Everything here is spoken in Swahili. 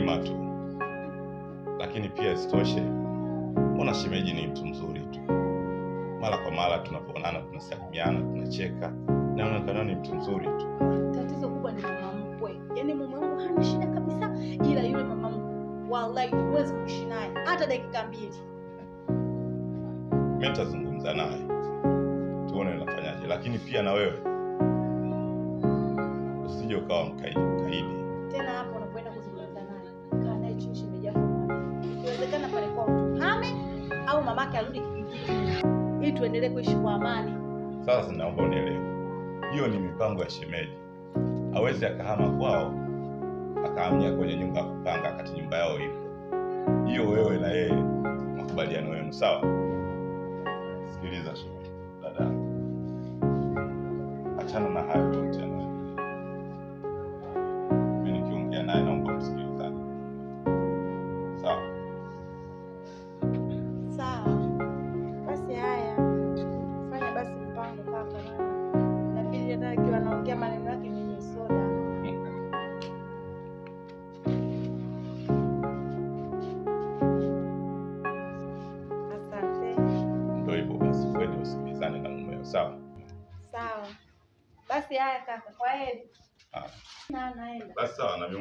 mlima tu, lakini pia isitoshe, mbona shemeji ni mtu mzuri tu. Mara kwa mara tunapoonana tunasalimiana, tunacheka, naonekana ni mtu mzuri tu. Tatizo kubwa ni mama mkwe, yaani mama wangu hana shida kabisa, ila yule mama mkwe, wallahi huwezi kuishi naye hata dakika mbili. Mimi nitazungumza naye tuone nafanyaje, lakini pia na wewe usije ukawa mkaidi. wake arudi kijijini ili tuendelee kuishi kwa amani. Sasa naomba unielewe, hiyo ni mipango ya shemeji. Hawezi akahama kwao akahamia kwenye nyumba ya kupanga akati nyumba yao ipo hiyo. Wewe na yeye makubaliano yenu sawa. Sikiliza shemeji, dada, achana na hayo yote. Sawa sawa, basi haya kaka, kwa heri. Basi sawa na